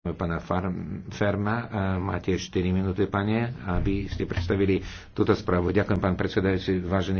Pána Ferma, e, máte 4 minúty, pane, aby ste predstavili túto správu. Ďakujem, pán predsedajúci, vážený